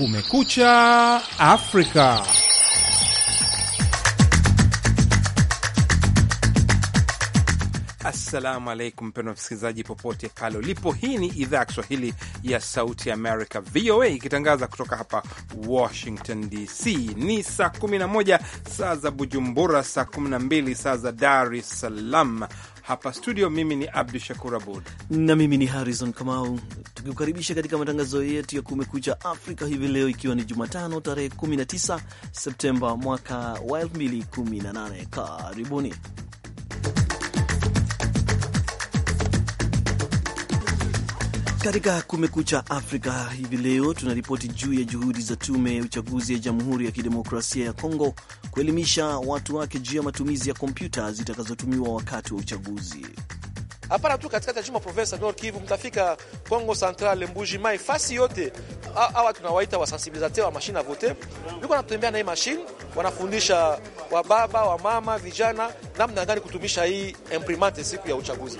Kumekucha Afrika. Assalamu alaikum, mpendwa msikilizaji popote pale ulipo. Hii ni idhaa ya Kiswahili ya Sauti ya Amerika, VOA, ikitangaza kutoka hapa Washington DC. Ni saa 11 saa za Bujumbura, saa 12 saa za Dar es Salaam. Hapa studio, mimi ni Abdu Shakur Abud na mimi ni Harrison Kamau, tukikukaribisha katika matangazo yetu ya Kumekucha Afrika hivi leo, ikiwa ni Jumatano tarehe 19 Septemba mwaka wa 2018. Karibuni. Katika Kumekucha Afrika hivi leo tunaripoti juu ya juhudi za tume ya uchaguzi ya Jamhuri ya Kidemokrasia ya Kongo kuelimisha watu wake juu ya matumizi ya kompyuta zitakazotumiwa wakati wa uchaguzi. Hapana tu katikati ya juma Profesa Nord Kivu, mtafika Kongo Central, Mbuji Mai, fasi yote hawa tunawaita wasensibilizate wa mashine vote, yuko anatembea na hii mashine, wanafundisha wababa, wamama, vijana namna gani kutumisha hii imprimante siku ya uchaguzi.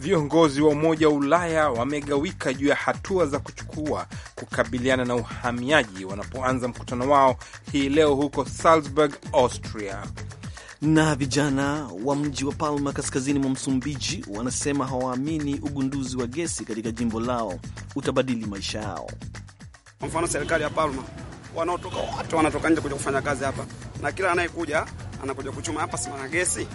Viongozi wa Umoja wa Ulaya wamegawika juu ya hatua za kuchukua kukabiliana na uhamiaji wanapoanza mkutano wao hii leo huko Salzburg, Austria. Na vijana wa mji wa Palma kaskazini mwa Msumbiji wanasema hawaamini ugunduzi wa gesi katika jimbo lao utabadili maisha yao. Kwa mfano serikali ya Palma wanaotoka wote wanatoka nje kuja kufanya kazi hapa, na kila anayekuja anakuja kuchuma hapa, simana gesi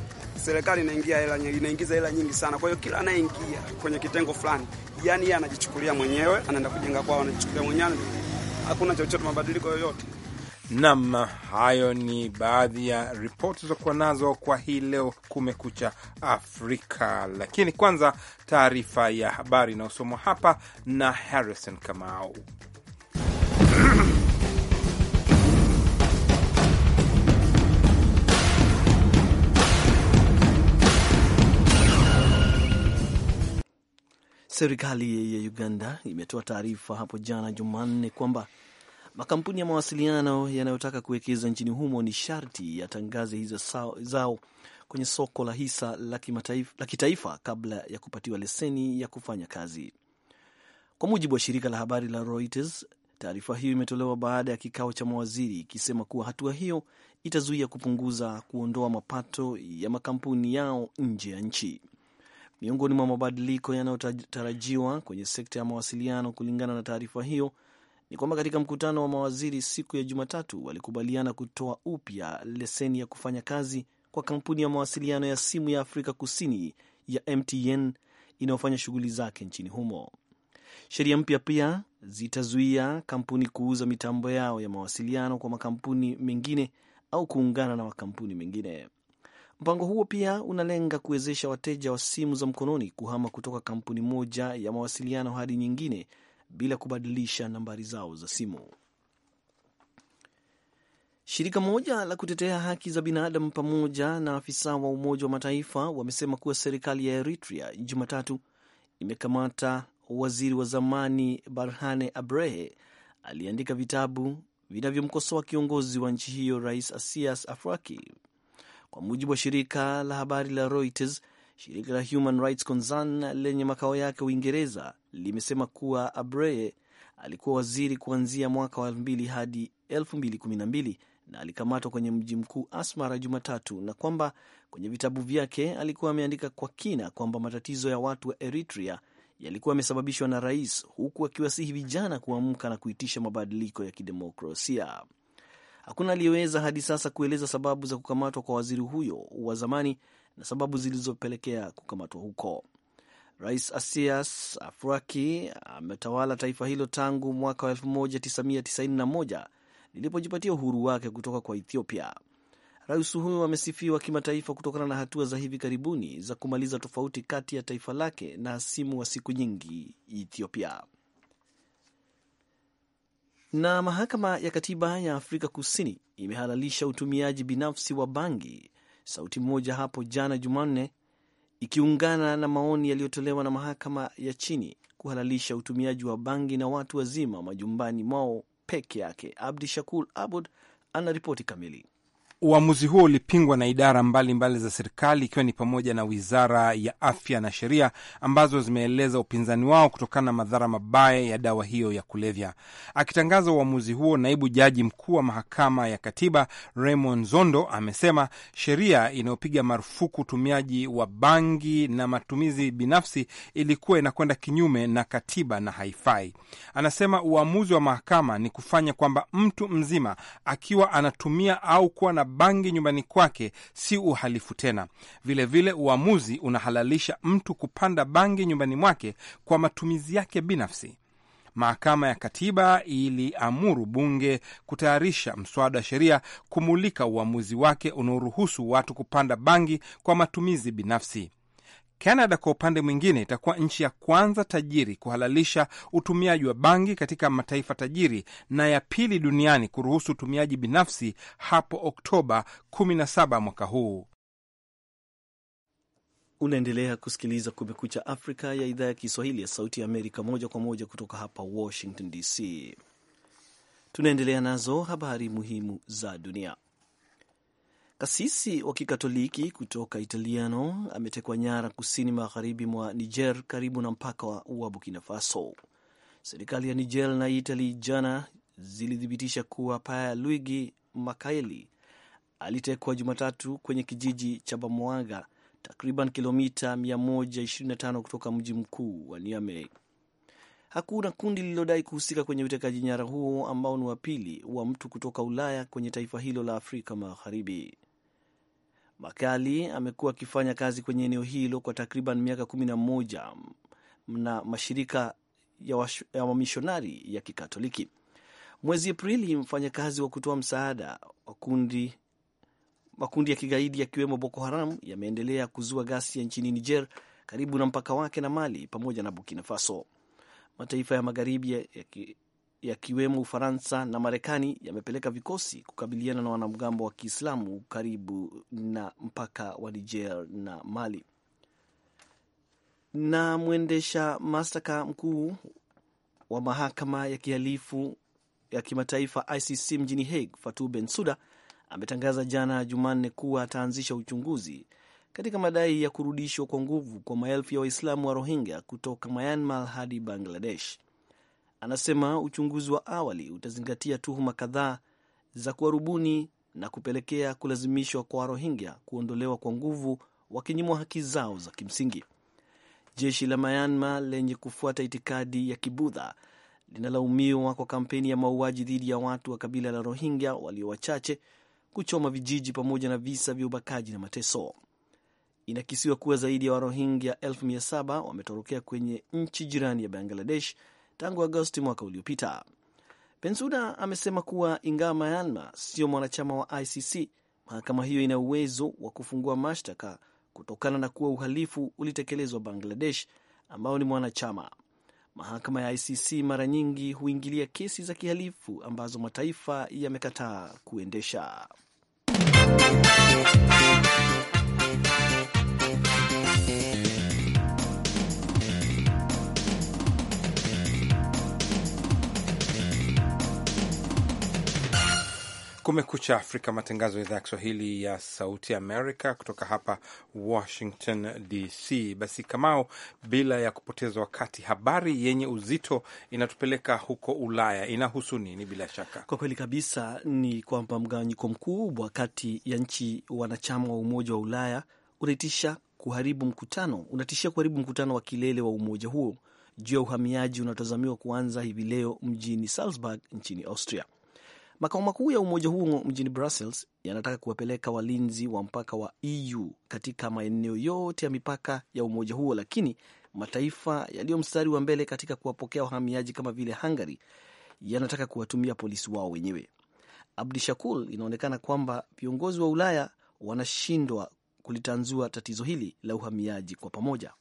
serikali inaingia hela, inaingiza hela nyingi sana. Kwa hiyo kila anayeingia kwenye kitengo fulani, yani yeye anajichukulia mwenyewe, anaenda kujenga kwao, anajichukulia mwenyewe, hakuna chochote mabadiliko yoyote. Nam, hayo ni baadhi ya ripoti zilizokuwa nazo kwa hii leo Kumekucha Afrika, lakini kwanza taarifa ya habari inayosomwa hapa na Harrison Kamau. Serikali ya Uganda imetoa taarifa hapo jana Jumanne kwamba makampuni ya mawasiliano yanayotaka kuwekeza nchini humo ni sharti yatangaze hizo zao kwenye soko la hisa la kitaifa kabla ya kupatiwa leseni ya kufanya kazi, kwa mujibu wa shirika la habari la Reuters. Taarifa hiyo imetolewa baada ya kikao cha mawaziri ikisema kuwa hatua hiyo itazuia kupunguza kuondoa mapato ya makampuni yao nje ya nchi miongoni mwa mabadiliko yanayotarajiwa kwenye sekta ya mawasiliano. Kulingana na taarifa hiyo, ni kwamba katika mkutano wa mawaziri siku ya Jumatatu walikubaliana kutoa upya leseni ya kufanya kazi kwa kampuni ya mawasiliano ya simu ya Afrika Kusini ya MTN inayofanya shughuli zake nchini humo. Sheria mpya pia zitazuia kampuni kuuza mitambo yao ya mawasiliano kwa makampuni mengine au kuungana na makampuni mengine. Mpango huo pia unalenga kuwezesha wateja wa simu za mkononi kuhama kutoka kampuni moja ya mawasiliano hadi nyingine bila kubadilisha nambari zao za simu. Shirika moja la kutetea haki za binadamu pamoja na afisa wa Umoja wa Mataifa wamesema kuwa serikali ya Eritrea Jumatatu imekamata waziri wa zamani Barhane Abrehe aliyeandika vitabu vinavyomkosoa kiongozi wa nchi hiyo Rais Asias Afwerki kwa mujibu wa shirika la habari la Reuters. Shirika la Human Rights Concern lenye makao yake Uingereza limesema kuwa Abreye alikuwa waziri kuanzia mwaka wa 2000 hadi 2012 na alikamatwa kwenye mji mkuu Asmara Jumatatu, na kwamba kwenye vitabu vyake alikuwa ameandika kwa kina kwamba matatizo ya watu wa Eritrea yalikuwa yamesababishwa na rais, huku akiwasihi vijana kuamka na kuitisha mabadiliko ya kidemokrasia. Hakuna aliyeweza hadi sasa kueleza sababu za kukamatwa kwa waziri huyo wa zamani na sababu zilizopelekea kukamatwa huko. Rais Asias afraki ametawala taifa hilo tangu mwaka 1991 lilipojipatia uhuru wake kutoka kwa Ethiopia. Rais huyo amesifiwa kimataifa kutokana na hatua za hivi karibuni za kumaliza tofauti kati ya taifa lake na hasimu wa siku nyingi Ethiopia. Na mahakama ya katiba ya Afrika Kusini imehalalisha utumiaji binafsi wa bangi, sauti moja hapo jana Jumanne, ikiungana na maoni yaliyotolewa na mahakama ya chini kuhalalisha utumiaji wa bangi na watu wazima majumbani mwao peke yake. Abdi Shakur Abud ana ripoti kamili. Uamuzi huo ulipingwa na idara mbalimbali mbali za serikali ikiwa ni pamoja na wizara ya afya na sheria ambazo zimeeleza upinzani wao kutokana na madhara mabaya ya dawa hiyo ya kulevya. Akitangaza uamuzi huo, naibu jaji mkuu wa mahakama ya katiba Raymond Zondo amesema sheria inayopiga marufuku utumiaji wa bangi na matumizi binafsi ilikuwa inakwenda kinyume na katiba na haifai. Anasema uamuzi wa mahakama ni kufanya kwamba mtu mzima akiwa anatumia au kuwa na bangi nyumbani kwake si uhalifu tena. Vilevile vile uamuzi unahalalisha mtu kupanda bangi nyumbani mwake kwa matumizi yake binafsi. Mahakama ya Katiba iliamuru bunge kutayarisha mswada wa sheria kumulika uamuzi wake unaoruhusu watu kupanda bangi kwa matumizi binafsi. Canada kwa upande mwingine itakuwa nchi ya kwanza tajiri kuhalalisha utumiaji wa bangi katika mataifa tajiri na ya pili duniani kuruhusu utumiaji binafsi hapo Oktoba 17 mwaka huu. Unaendelea kusikiliza Kumekucha Afrika ya idhaa ya Kiswahili ya Sauti ya Amerika, moja kwa moja kutoka hapa Washington DC. Tunaendelea nazo habari muhimu za dunia. Kasisi wa Kikatoliki kutoka Italiano ametekwa nyara kusini magharibi mwa Niger karibu na mpaka wa Burkina Faso. Serikali ya Niger na Itali jana zilithibitisha kuwa Paya Luigi Makaeli alitekwa Jumatatu kwenye kijiji cha Bamwanga, takriban kilomita 125 kutoka mji mkuu wa Niamey. Hakuna kundi lililodai kuhusika kwenye utekaji nyara huo ambao ni wa pili wa mtu kutoka Ulaya kwenye taifa hilo la Afrika Magharibi. Makali amekuwa akifanya kazi kwenye eneo hilo kwa takriban miaka kumi na moja na mashirika ya wamishonari ya Kikatoliki. Mwezi Aprili, mfanyakazi wa kutoa msaada makundi, makundi ya kigaidi yakiwemo Boko Haram yameendelea kuzua ghasia ya nchini Niger karibu na mpaka wake na Mali pamoja na Burkina Faso. Mataifa ya magharibi yakiwemo Ufaransa na Marekani yamepeleka vikosi kukabiliana na wanamgambo wa Kiislamu karibu na mpaka wa Niger na Mali. Na mwendesha mashtaka mkuu wa mahakama ya kihalifu ya kimataifa ICC mjini Hague, Fatou Bensouda ametangaza jana Jumanne kuwa ataanzisha uchunguzi katika madai ya kurudishwa kwa nguvu kwa maelfu ya Waislamu wa Rohingya kutoka Myanmar hadi Bangladesh. Anasema uchunguzi wa awali utazingatia tuhuma kadhaa za kuwarubuni na kupelekea kulazimishwa kwa Rohingya kuondolewa kwa nguvu wakinyimwa haki zao za kimsingi. Jeshi la Myanmar lenye kufuata itikadi ya Kibudha linalaumiwa kwa kampeni ya mauaji dhidi ya watu wa kabila la Rohingya walio wachache, kuchoma vijiji, pamoja na visa vya ubakaji na mateso. Inakisiwa kuwa zaidi ya Warohingya elfu mia saba wametorokea kwenye nchi jirani ya Bangladesh tangu Agosti mwaka uliopita. pensuda amesema kuwa ingawa Myanmar sio mwanachama wa ICC, mahakama hiyo ina uwezo wa kufungua mashtaka kutokana na kuwa uhalifu ulitekelezwa Bangladesh, ambao ni mwanachama. Mahakama ya ICC mara nyingi huingilia kesi za kihalifu ambazo mataifa yamekataa kuendesha. Kumekucha Afrika, matangazo ya idhaa ya Kiswahili ya Sauti Amerika kutoka hapa Washington DC. Basi Kamao, bila ya kupoteza wakati, habari yenye uzito inatupeleka huko Ulaya. Inahusu nini? Bila shaka, kwa kweli kabisa, ni kwamba mgawanyiko mkubwa kati ya nchi wanachama wa Umoja wa Ulaya unaitisha kuharibu mkutano, unatishia kuharibu mkutano wa kilele wa umoja huo juu ya uhamiaji unaotazamiwa kuanza hivi leo mjini Salzburg nchini Austria. Makao makuu ya umoja huo mjini Brussels yanataka kuwapeleka walinzi wa mpaka wa EU katika maeneo yote ya mipaka ya umoja huo, lakini mataifa yaliyo mstari wa mbele katika kuwapokea wahamiaji kama vile Hungary yanataka kuwatumia polisi wao wenyewe. Abdi Shakul, inaonekana kwamba viongozi wa Ulaya wanashindwa kulitanzua tatizo hili la uhamiaji kwa pamoja.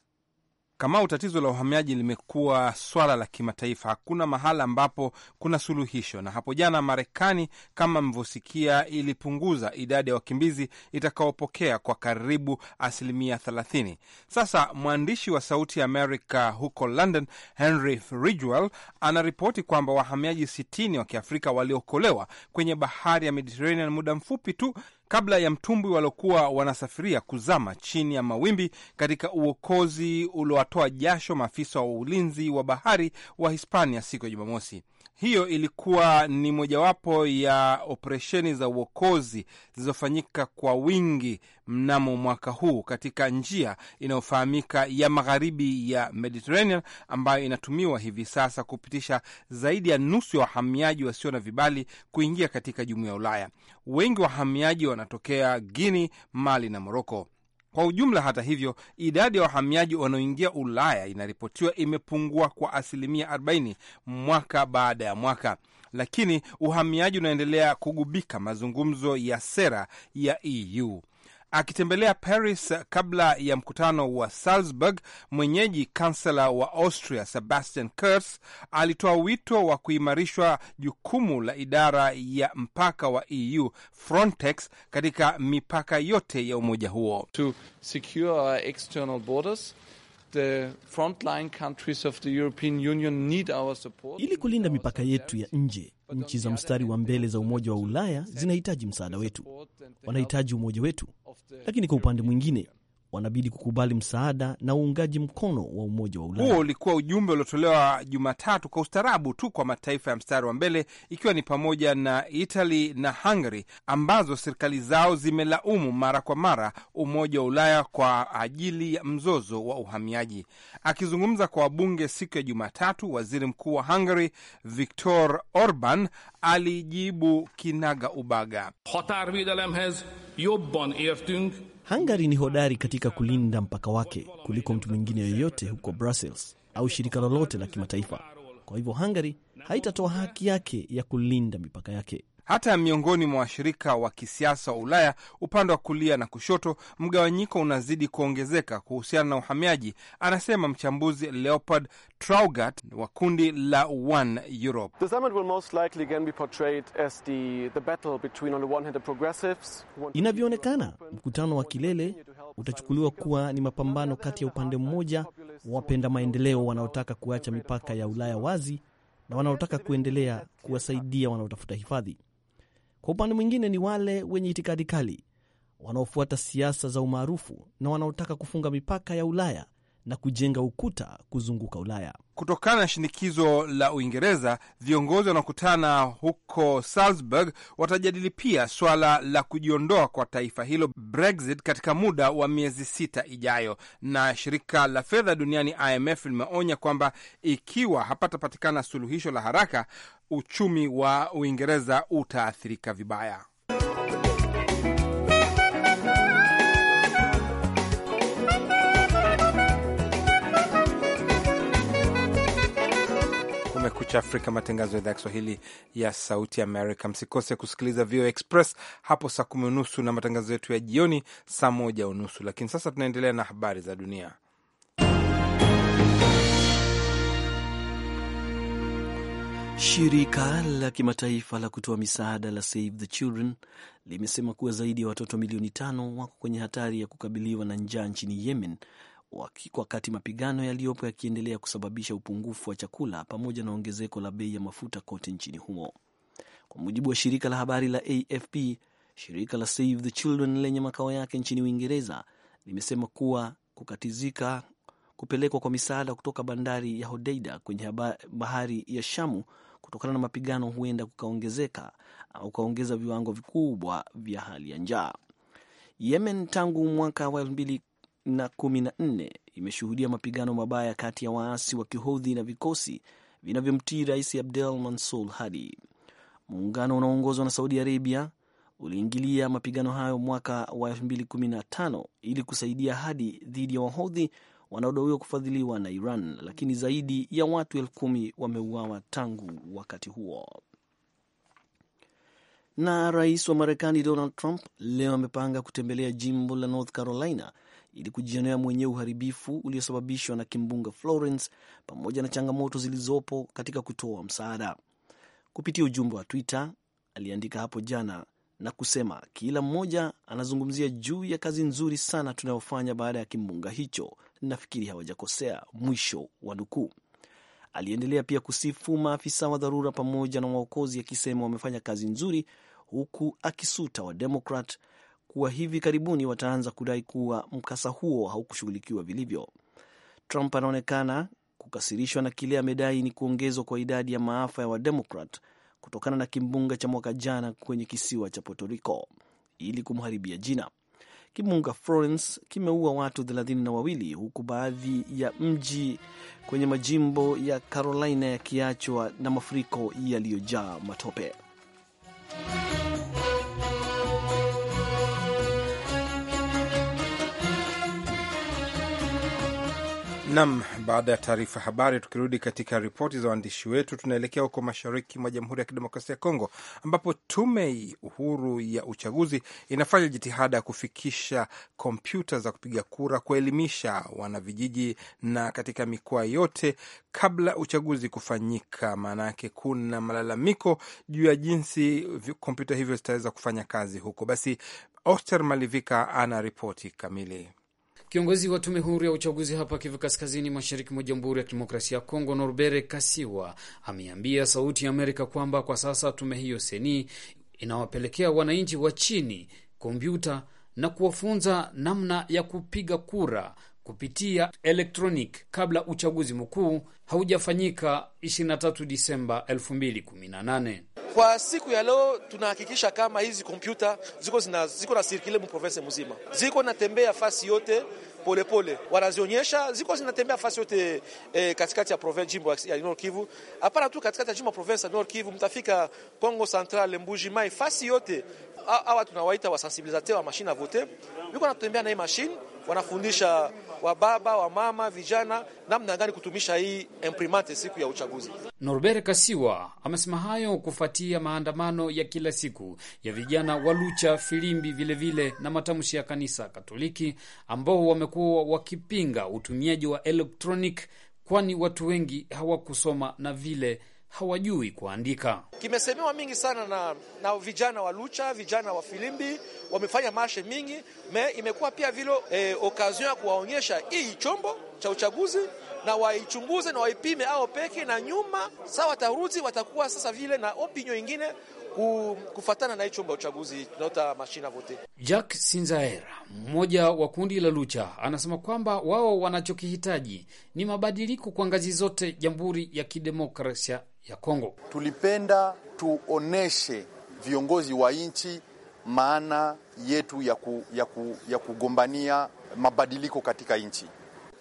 Kamau, tatizo la uhamiaji limekuwa swala la kimataifa, hakuna mahala ambapo kuna suluhisho. Na hapo jana, Marekani kama mlivyosikia, ilipunguza idadi ya wakimbizi itakaopokea kwa karibu asilimia 30. Sasa mwandishi wa Sauti ya Amerika huko London, Henry Ridgwell, anaripoti kwamba wahamiaji 60 wa Kiafrika waliokolewa kwenye bahari ya Mediterranean muda mfupi tu kabla ya mtumbwi waliokuwa wanasafiria kuzama chini ya mawimbi katika uokozi uliowatoa jasho maafisa wa ulinzi wa bahari wa Hispania siku ya Jumamosi hiyo ilikuwa ni mojawapo ya operesheni za uokozi zilizofanyika kwa wingi mnamo mwaka huu katika njia inayofahamika ya magharibi ya Mediterranean ambayo inatumiwa hivi sasa kupitisha zaidi ya nusu ya wahamiaji wasio na vibali kuingia katika jumuiya ya Ulaya. Wengi wahamiaji wanatokea Guini, Mali na Moroko. Kwa ujumla, hata hivyo, idadi ya wahamiaji wanaoingia Ulaya inaripotiwa imepungua kwa asilimia 40 mwaka baada ya mwaka, lakini uhamiaji unaendelea kugubika mazungumzo ya sera ya EU. Akitembelea Paris kabla ya mkutano wa Salzburg, mwenyeji kansela wa Austria Sebastian Kurz alitoa wito wa kuimarishwa jukumu la idara ya mpaka wa EU Frontex katika mipaka yote ya umoja huo to ili kulinda mipaka yetu ya nje, nchi za mstari wa mbele za Umoja wa Ulaya zinahitaji msaada wetu, wanahitaji umoja wetu. Lakini kwa upande mwingine, wanabidi kukubali msaada na uungaji mkono wa Umoja wa Ulaya. Huo ulikuwa ujumbe uliotolewa Jumatatu kwa ustaarabu tu kwa mataifa ya mstari wa mbele ikiwa ni pamoja na Itali na Hungary ambazo serikali zao zimelaumu mara kwa mara Umoja wa Ulaya kwa ajili ya mzozo wa uhamiaji. Akizungumza kwa wabunge siku ya Jumatatu, waziri mkuu wa Hungary Viktor Orban alijibu kinaga ubaga jobban értünk. Hungary ni hodari katika kulinda mpaka wake kuliko mtu mwingine yoyote huko Brussels au shirika lolote la kimataifa. Kwa hivyo Hungary haitatoa haki yake ya kulinda mipaka yake. Hata miongoni mwa washirika wa kisiasa wa Ulaya upande wa kulia na kushoto, mgawanyiko unazidi kuongezeka kuhusiana na uhamiaji, anasema mchambuzi Leopold Traugat wa kundi la One Europe. Inavyoonekana, mkutano wa kilele utachukuliwa kuwa ni mapambano kati ya upande mmoja wa wapenda maendeleo wanaotaka kuacha mipaka ya Ulaya wazi na wanaotaka kuendelea kuwasaidia wanaotafuta hifadhi kwa upande mwingine, ni wale wenye itikadi kali wanaofuata siasa za umaarufu na wanaotaka kufunga mipaka ya Ulaya na kujenga ukuta kuzunguka Ulaya. Kutokana na shinikizo la Uingereza, viongozi wanaokutana huko Salzburg watajadili pia swala la kujiondoa kwa taifa hilo Brexit katika muda wa miezi sita ijayo. Na shirika la fedha duniani IMF limeonya kwamba ikiwa hapatapatikana suluhisho la haraka, uchumi wa Uingereza utaathirika vibaya. Kumekucha Afrika, matangazo ya idhaa ya Kiswahili ya Sauti Amerika. Msikose kusikiliza VOA Express hapo saa kumi unusu na matangazo yetu ya jioni saa moja unusu. Lakini sasa tunaendelea na habari za dunia. Shirika la kimataifa la kutoa misaada la Save the Children limesema kuwa zaidi ya watoto milioni tano wako kwenye hatari ya kukabiliwa na njaa nchini Yemen wakati mapigano yaliyopo yakiendelea kusababisha upungufu wa chakula pamoja na ongezeko la bei ya mafuta kote nchini humo. Kwa mujibu wa shirika la habari la AFP, shirika la Save the Children lenye makao yake nchini Uingereza limesema kuwa kukatizika kupelekwa kwa misaada kutoka bandari ya Hodeida kwenye bahari ya Shamu kutokana na mapigano huenda kukaongezeka au kukaongeza viwango vikubwa vya hali ya njaa. Yemen tangu mwaka wa elfu mbili na kumi na nne imeshuhudia mapigano mabaya kati ya waasi wa kihodhi na vikosi vinavyomtii Rais Abdel mansul Hadi. Muungano unaoongozwa na Saudi Arabia uliingilia mapigano hayo mwaka wa 2015 ili kusaidia Hadi dhidi ya wahodhi wanaodaiwa kufadhiliwa na Iran, lakini zaidi ya watu elfu kumi wameuawa tangu wakati huo. Na rais wa Marekani Donald Trump leo amepanga kutembelea jimbo la North Carolina ili kujionea mwenyewe uharibifu uliosababishwa na kimbunga Florence pamoja na changamoto zilizopo katika kutoa msaada. Kupitia ujumbe wa Twitter aliandika hapo jana na kusema, kila mmoja anazungumzia juu ya kazi nzuri sana tunayofanya baada ya kimbunga hicho, nafikiri hawajakosea, mwisho wa nukuu. Aliendelea pia kusifu maafisa wa dharura pamoja na waokozi, akisema wamefanya kazi nzuri, huku akisuta Wademokrat kuwa hivi karibuni wataanza kudai kuwa mkasa huo haukushughulikiwa vilivyo. Trump anaonekana kukasirishwa na kile amedai ni kuongezwa kwa idadi ya maafa ya Wademokrat kutokana na kimbunga cha mwaka jana kwenye kisiwa cha Puerto Rico ili kumharibia jina. Kimbunga Florence kimeua watu thelathini na wawili huku baadhi ya mji kwenye majimbo ya Carolina yakiachwa na mafuriko yaliyojaa matope. Nam, baada ya taarifa habari, tukirudi katika ripoti za waandishi wetu, tunaelekea huko mashariki mwa Jamhuri ya Kidemokrasia ya Kongo ambapo tume uhuru ya uchaguzi inafanya jitihada ya kufikisha kompyuta za kupiga kura, kuelimisha wanavijiji na katika mikoa yote kabla uchaguzi kufanyika. Maana yake kuna malalamiko juu ya jinsi kompyuta hivyo zitaweza kufanya kazi huko. Basi Oster Malivika ana ripoti kamili. Kiongozi wa tume huru ya uchaguzi hapa Kivu Kaskazini, mashariki mwa Jamhuri ya Kidemokrasia ya Kongo, Norbere Kasiwa ameambia Sauti ya Amerika kwamba kwa sasa tume hiyo seni inawapelekea wananchi wa chini kompyuta na kuwafunza namna ya kupiga kura kupitia electronic kabla uchaguzi mkuu haujafanyika 23 Disemba 2018. Kwa siku ya leo tunahakikisha kama hizi kompyuta ziko zina, ziko na mu muprovense mzima, ziko natembea fasi yote polepole, wanazionyesha ziko zinatembea fasi yote eh, katikati ya province jimbo ya Nord Kivu, hapana tu katikati ya jimbo ya province ya Nord Kivu, mtafika Kongo Central, Mbuji Mai, fasi yote. Hawa tunawaita wasensibilizateur wa mashine a voter, biko natembea na hii mashine wanafundisha wa baba wa mama vijana namna gani kutumisha hii imprimante siku ya uchaguzi. Norbert Kasiwa amesema hayo kufuatia maandamano ya kila siku ya vijana wa Lucha Filimbi, vilevile na matamshi ya kanisa Katoliki ambao wamekuwa wakipinga utumiaji wa electronic, kwani watu wengi hawakusoma na vile hawajui kuandika. Kimesemewa mingi sana na, na vijana wa Lucha, vijana wa Filimbi wamefanya marshe mingi me, imekuwa pia vile e, okazion ya kuwaonyesha hii chombo cha uchaguzi na waichunguze na waipime ao peke na nyuma, saa watarudi watakuwa sasa vile na opinio ingine kufatana na hii chombo ya uchaguzi tunaota mashina vote. Jack Sinzaera, mmoja wa kundi la Lucha, anasema kwamba wao wanachokihitaji ni mabadiliko kwa ngazi zote Jamhuri ya Kidemokrasia ya Kongo. Tulipenda tuoneshe viongozi wa nchi maana yetu ya, ku, ya, ku, ya kugombania mabadiliko katika nchi.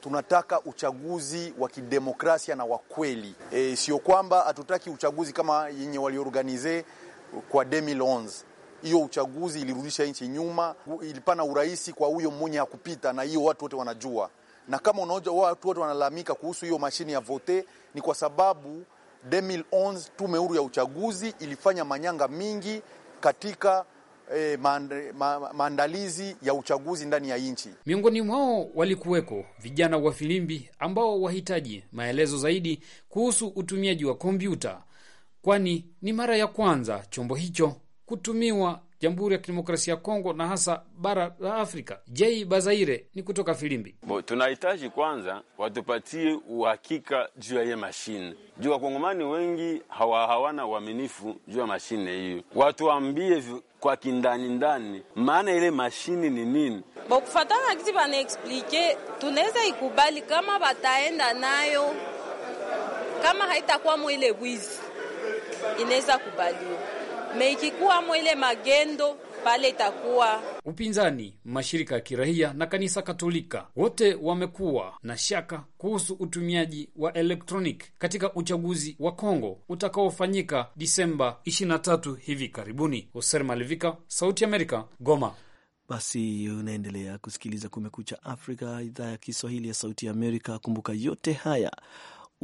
Tunataka uchaguzi wa kidemokrasia na wa kweli e, sio kwamba hatutaki uchaguzi kama yenye waliorganize kwa 2011 hiyo uchaguzi ilirudisha nchi nyuma, ilipana urahisi kwa huyo mmoja ya kupita, na hiyo watu wote wanajua. Na kama unaoja watu wote wanalalamika kuhusu hiyo mashine ya vote, ni kwa sababu 2011 tume huru ya uchaguzi ilifanya manyanga mingi katika eh, maandalizi ya uchaguzi ndani ya nchi. Miongoni mwao walikuweko vijana wa Filimbi ambao wahitaji maelezo zaidi kuhusu utumiaji wa kompyuta, kwani ni mara ya kwanza chombo hicho kutumiwa Jamhuri ya Kidemokrasia ya Kongo na hasa bara la Afrika. Jei Bazaire ni kutoka Filimbi. Bo, tunahitaji kwanza watupatie uhakika juu ya hiye mashine, juu wakongomani wengi hawa hawana uaminifu juu ya mashine hiyo, watuambie kwa kindani ndani maana ile mashine ni nini? Bokufatana kiti banaexplike, tunaweza ikubali kama bataenda nayo, kama haitakuwa mwile wizi inaweza kubaliwa meikikuwa mwele magendo pale itakuwa upinzani, mashirika ya kirahia na kanisa Katolika wote wamekuwa na shaka kuhusu utumiaji wa elektronik katika uchaguzi wa Kongo utakaofanyika Disemba 23 hivi karibuni. Hoser Malivika, Sauti Amerika, Goma. Basi unaendelea kusikiliza Kumekucha Afrika, idhaa ya Kiswahili ya Sauti ya Amerika. Kumbuka yote haya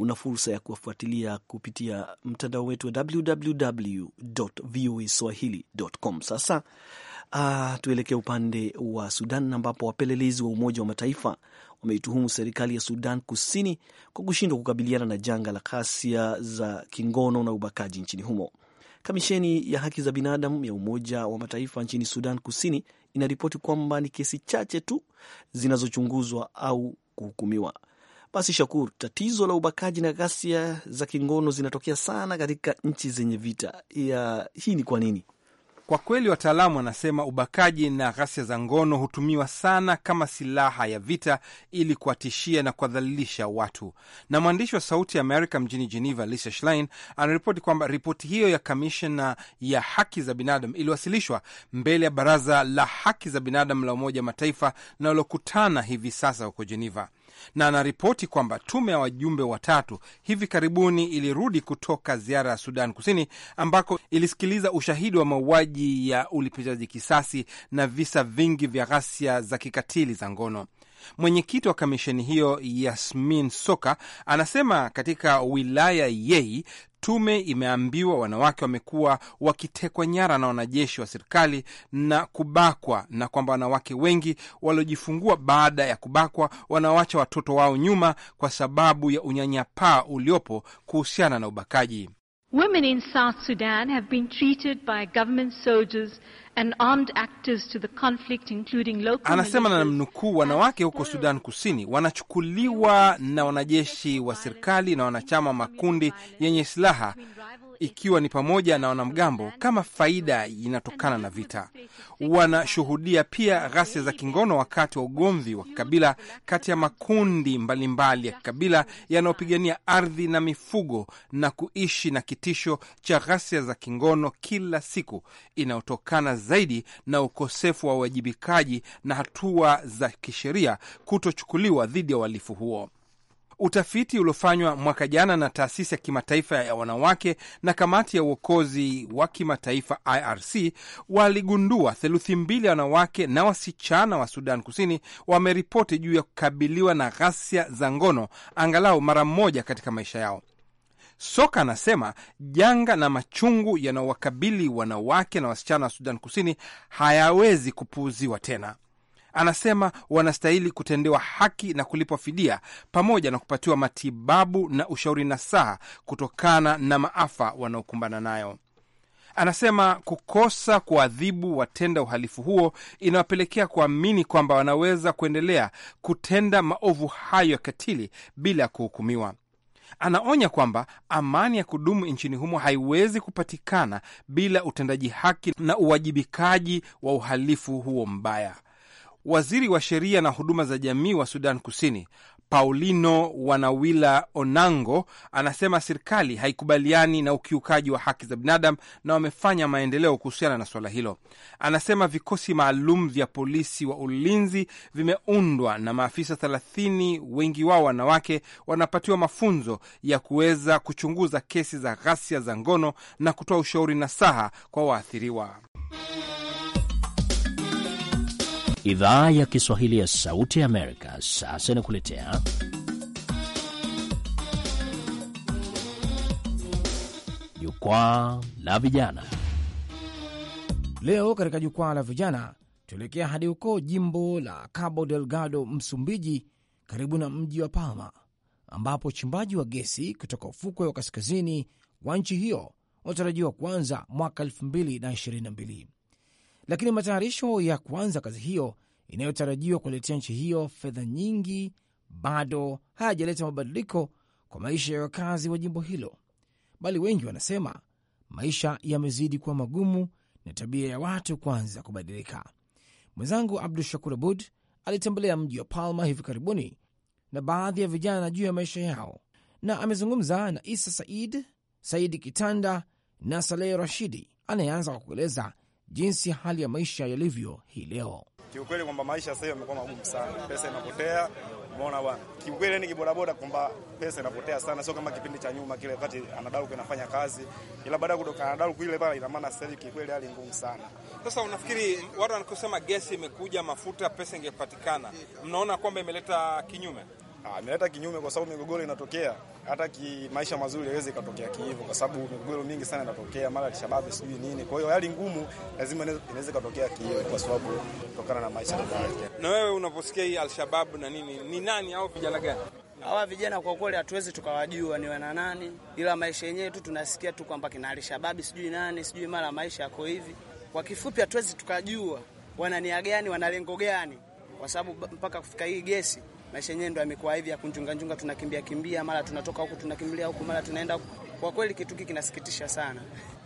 una fursa ya kuwafuatilia kupitia mtandao wetu wa www.voaswahili.com. Sasa uh, tuelekee upande wa Sudan ambapo wapelelezi wa Umoja wa Mataifa wameituhumu serikali ya Sudan Kusini kwa kushindwa kukabiliana na janga la ghasia za kingono na ubakaji nchini humo. Kamisheni ya haki za binadamu ya Umoja wa Mataifa nchini Sudan Kusini inaripoti kwamba ni kesi chache tu zinazochunguzwa au kuhukumiwa. Basi Shakur, tatizo la ubakaji na ghasia za kingono zinatokea sana katika nchi zenye vita ya, hii ni kwa nini? Kwa kweli wataalamu wanasema ubakaji na ghasia za ngono hutumiwa sana kama silaha ya vita ili kuwatishia na kuwadhalilisha watu. Na mwandishi wa Sauti ya Amerika mjini Geneva, Lisa Schlein, anaripoti kwamba ripoti hiyo ya kamishna ya haki za binadamu iliwasilishwa mbele ya Baraza la Haki za Binadamu la Umoja wa Mataifa linalokutana hivi sasa huko Geneva na anaripoti kwamba tume ya wajumbe watatu hivi karibuni ilirudi kutoka ziara ya Sudan Kusini ambako ilisikiliza ushahidi wa mauaji ya ulipizaji kisasi na visa vingi vya ghasia za kikatili za ngono. Mwenyekiti wa kamisheni hiyo Yasmin Soka anasema katika wilaya Yei tume imeambiwa wanawake wamekuwa wakitekwa nyara na wanajeshi wa serikali na kubakwa, na kwamba wanawake wengi waliojifungua baada ya kubakwa wanawacha watoto wao nyuma kwa sababu ya unyanyapaa uliopo kuhusiana na ubakaji. Women in South Sudan have been treated by government soldiers and armed actors to the conflict including local. Anasema na mnukuu, wanawake huko Sudan Kusini wanachukuliwa na wanajeshi wa serikali na wanachama makundi yenye silaha ikiwa ni pamoja na wanamgambo kama faida inatokana na vita. Wanashuhudia pia ghasia za kingono wakati wa ugomvi wa kikabila kati ya makundi mbalimbali mbali ya kikabila yanayopigania ardhi na mifugo na kuishi na kitisho cha ghasia za kingono kila siku inayotokana zaidi na ukosefu wa uwajibikaji na hatua za kisheria kutochukuliwa dhidi ya uhalifu huo. Utafiti uliofanywa mwaka jana na taasisi ya kimataifa ya wanawake na kamati ya uokozi wa kimataifa IRC waligundua theluthi mbili ya wanawake na wasichana wa Sudan Kusini wameripoti juu ya kukabiliwa na ghasia za ngono angalau mara moja katika maisha yao. Soka anasema janga na machungu yanaowakabili wanawake na wasichana wa Sudan Kusini hayawezi kupuuziwa tena. Anasema wanastahili kutendewa haki na kulipwa fidia pamoja na kupatiwa matibabu na ushauri nasaha kutokana na maafa wanaokumbana nayo. Anasema kukosa kuadhibu watenda uhalifu huo inawapelekea kuamini kwamba wanaweza kuendelea kutenda maovu hayo ya katili bila ya kuhukumiwa. Anaonya kwamba amani ya kudumu nchini humo haiwezi kupatikana bila utendaji haki na uwajibikaji wa uhalifu huo mbaya. Waziri wa sheria na huduma za jamii wa Sudan Kusini Paulino Wanawila Onango anasema serikali haikubaliani na ukiukaji wa haki za binadamu na wamefanya maendeleo kuhusiana na suala hilo. Anasema vikosi maalum vya polisi wa ulinzi vimeundwa na maafisa thelathini, wengi wao wanawake, wanapatiwa mafunzo ya kuweza kuchunguza kesi za ghasia za ngono na kutoa ushauri nasaha kwa waathiriwa. Idhaa ya Kiswahili ya Sauti ya Amerika sasa inakuletea Jukwaa la Vijana. Leo katika Jukwaa la Vijana tuelekea hadi huko jimbo la Cabo Delgado, Msumbiji, karibu na mji wa Palma, ambapo uchimbaji wa gesi kutoka ufukwe wa kaskazini wa nchi hiyo unatarajiwa kuanza mwaka 2022 lakini matayarisho ya kuanza kazi hiyo inayotarajiwa kuletea nchi hiyo fedha nyingi bado hayajaleta mabadiliko kwa maisha ya wakazi wa jimbo hilo, bali wengi wanasema maisha yamezidi kuwa magumu na tabia ya watu kuanza kubadilika. Mwenzangu Abdu Shakur Abud alitembelea mji wa Palma hivi karibuni na baadhi ya vijana juu ya maisha yao, na amezungumza na Isa Said, Saidi Kitanda na Saleh Rashidi anayeanza kwa kueleza jinsi hali ya maisha yalivyo hii leo. Kiukweli kwamba maisha sasa hivi yamekuwa magumu sana, pesa inapotea. Umeona bwana, kiukweli ni kibodaboda kwamba pesa inapotea sana, sio kama kipindi cha nyuma kile wakati anadaruku inafanya kazi, ila baada ya kutoka anadaruku ile pale, ina maana sasa hivi kiukweli hali ngumu sana. Sasa unafikiri watu wanakusema gesi imekuja, mafuta, pesa ingepatikana, mnaona kwamba imeleta kinyume ameleta ah, kinyume, kwa sababu migogoro inatokea hata ki maisha mazuri yaweze ikatokea kihivyo, kwa sababu migogoro mingi sana inatokea, mara Alshababu sijui nini. Kwa hiyo hali ngumu lazima inaweza ikatokea kihivyo, kwa sababu kutokana na maisha. Na wewe unaposikia hii Alshabab na nini, ni nani au vijana gani? Hawa vijana kwa kweli hatuwezi tukawajua ni wana nani, ila maisha yenyewe tu tunasikia tu kwamba kina Alshababu sijui nani sijui, mara maisha yako hivi. Kwa kifupi, hatuwezi tukajua wana nia gani, wana lengo gani, kwa sababu mpaka kufika hii gesi maisha yenyewe ndo yamekuwa hivi ya kunjunga njunga, tunakimbia kimbia, mara tunatoka huku tunakimbilia huku, mara tunaenda huku. Kwa kweli kitu hiki kinasikitisha sana.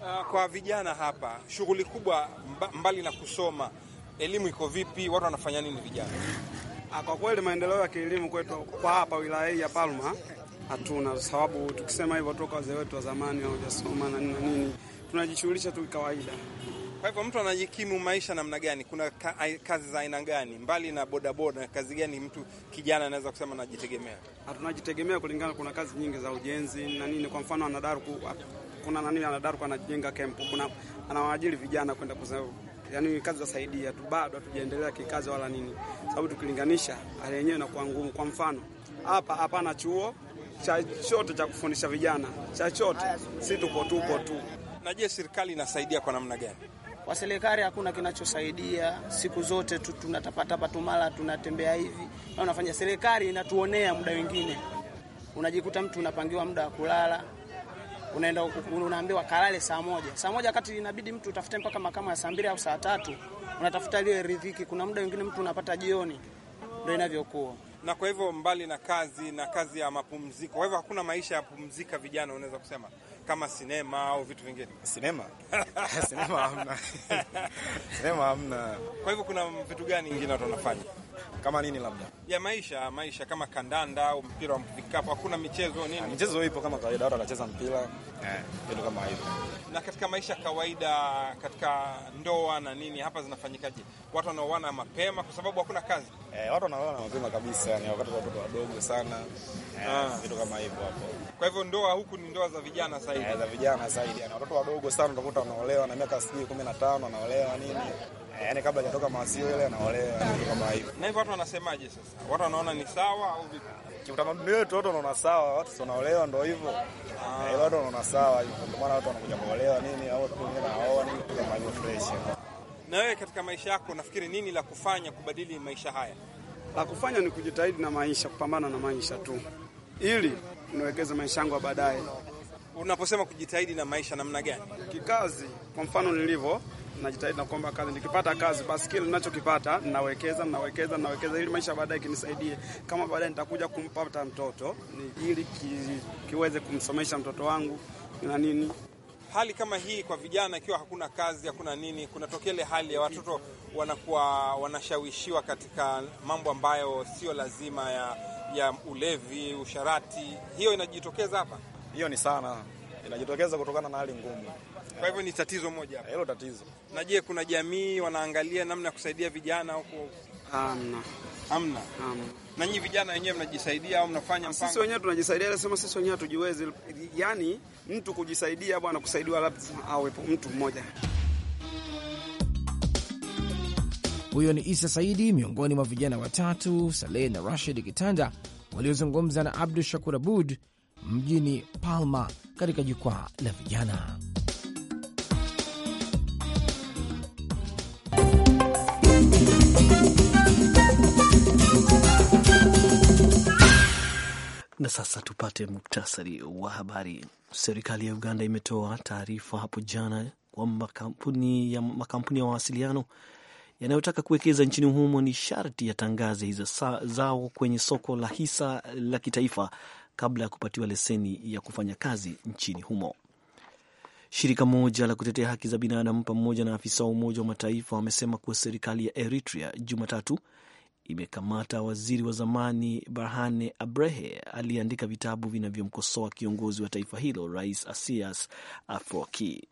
Ah, kwa vijana hapa, shughuli kubwa mbali na kusoma, elimu iko vipi? Watu wanafanya nini vijana? Ah, kwa kweli maendeleo ya kielimu kwetu kwa hapa wilaya hii ya Palma hatuna, sababu tukisema hivyo toka wazee wetu wa zamani hawajasoma na nini, tunajishughulisha tu kawaida. Kwa hivyo mtu anajikimu maisha namna gani? Kuna ka, kazi za aina gani, mbali na bodaboda, kazi gani mtu kijana anaweza kusema anajitegemea? Tunajitegemea kulingana, kuna kazi nyingi za ujenzi na nini. Kwa mfano anadaru, kuna nani anadaru anajenga kempu, kuna anawaajiri vijana kwenda yaani kazi zasaidia tu, bado hatujaendelea kikazi wala nini, sababu tukilinganisha hali yenyewe inakuwa ngumu. Kwa mfano hapa hapana chuo chochote cha kufundisha vijana chochote, si tuko tuko tu. Na je, serikali inasaidia kwa namna gani? Kwa serikali hakuna kinachosaidia, siku zote tu tunatapata patumala, tunatembea hivi na unafanya. Serikali inatuonea muda, wengine unajikuta mtu unapangiwa muda wa kulala, unaenda unaambiwa kalale saa moja, saa moja kati inabidi mtu utafute mpaka makama ya saa mbili au saa tatu, unatafuta ile riziki. Kuna muda wengine mtu unapata jioni, ndio inavyokuwa na kwa hivyo mbali na kazi na kazi ya mapumziko, kwa hivyo hakuna maisha ya kupumzika. Vijana unaweza kusema kama sinema au vitu vingine? Sinema sinema hamna, sinema hamna. Kwa hivyo kuna vitu gani vingine watu wanafanya? Kama nini labda ya maisha maisha kama kandanda au mpira wa vikapu, hakuna michezo nini? Ah, michezo ipo kama kawaida, watu wanacheza mpira eh. vitu eh, kama hivyo. Na katika maisha kawaida, katika ndoa na nini, hapa zinafanyikaje? Watu wanaoana mapema kwa sababu hakuna kazi eh, watu wanaoana mapema kabisa, yani wakati watoto wadogo sana eh. ah, vitu kama hivyo hapo. Kwa hivyo ndoa huku ni ndoa za vijana zaidi eh, za vijana zaidi, yani watoto wadogo sana utakuta wanaolewa na miaka 15 wanaolewa nini yani kabla hajatoka maasio ile anaolewa kama hivyo. Na hivyo watu wanasemaje sasa? Watu wanaona ni sawa au vipi? Kiutamaduni wetu watu wanaona sawa, watu wanaolewa ndio hivyo. Ah, ile eh, watu wanaona sawa hivyo. Kwa maana watu wanakuja kuolewa nini au watu wengine wanaoa nini kama hivyo fresh. Na wewe katika maisha yako unafikiri nini la kufanya kubadili maisha haya? La kufanya ni kujitahidi na maisha, kupambana na maisha tu. Ili niwekeze maisha yangu baadaye. Unaposema kujitahidi na maisha namna gani? Kikazi, kwa mfano nilivyo najitahidi na kuomba kazi, nikipata kazi basi kile ninachokipata ninawekeza, ninawekeza, ninawekeza ili maisha baadaye kinisaidie, kama baadaye nitakuja kumpata mtoto ni ili ki, kiweze kumsomesha mtoto wangu na nini. Hali kama hii kwa vijana, ikiwa hakuna kazi, hakuna nini, kunatokea ile hali ya watoto wanakuwa wanashawishiwa katika mambo ambayo sio lazima ya, ya ulevi, usharati. Hiyo inajitokeza hapa, hiyo ni sana inajitokeza kutokana na hali ngumu. Kwa hivyo ni tatizo moja hapa. Hilo tatizo. Na je, kuna jamii wanaangalia namna ya kusaidia vijana huko? Hamna. Hamna. Hamna. Na nyinyi vijana wenyewe mnajisaidia au mnafanya mpango? Sisi wenyewe tunajisaidia, nasema sisi wenyewe hatujiwezi. Yaani mtu kujisaidia bwana, kusaidiwa labda awepo mtu mmoja. Huyo ni Isa Saidi miongoni mwa vijana watatu Saleh na Rashid Kitanda waliozungumza na Abdu Shakur Abud mjini Palma katika jukwaa la vijana. Na sasa tupate muktasari wa habari. Serikali ya Uganda imetoa taarifa hapo jana kwamba makampuni ya, makampuni ya mawasiliano yanayotaka kuwekeza nchini humo ni sharti yatangaze hisa zao kwenye soko la hisa la kitaifa kabla ya kupatiwa leseni ya kufanya kazi nchini humo. Shirika moja la kutetea haki za binadamu pamoja na afisa wa Umoja wa Mataifa wamesema kuwa serikali ya Eritrea Jumatatu imekamata waziri wa zamani Barhane Abrehe aliyeandika vitabu vinavyomkosoa kiongozi wa taifa hilo Rais Asias Afwerki.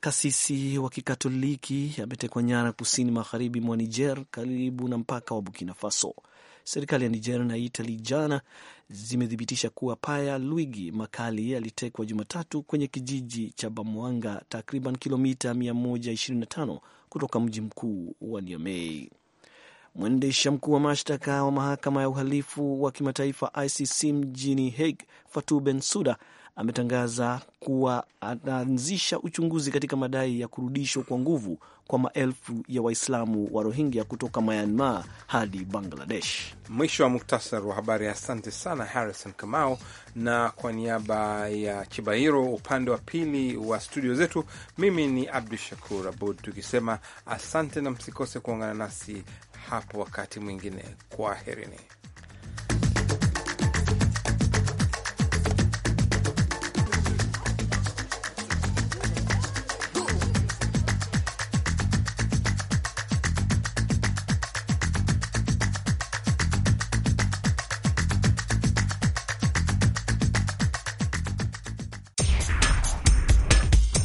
Kasisi wa Kikatoliki ametekwa nyara kusini magharibi mwa Niger, karibu na mpaka wa Burkina Faso. Serikali ya Niger na Itali jana zimethibitisha kuwa paya Luigi Makali alitekwa Jumatatu kwenye kijiji cha Bamwanga, takriban kilomita 125 kutoka mji mkuu wa niamei Mwendesha mkuu wa mashtaka wa mahakama ya uhalifu wa kimataifa ICC mjini Hague, Fatou Bensouda ametangaza kuwa anaanzisha uchunguzi katika madai ya kurudishwa kwa nguvu kwa maelfu ya Waislamu wa Rohingya kutoka Myanmar hadi Bangladesh. Mwisho wa muktasar wa habari. Asante sana Harrison Kamau, na kwa niaba ya Chibairo upande wa pili wa studio zetu, mimi ni Abdu Shakur Abud tukisema asante na msikose kuungana nasi hapo wakati mwingine. Kwaherini.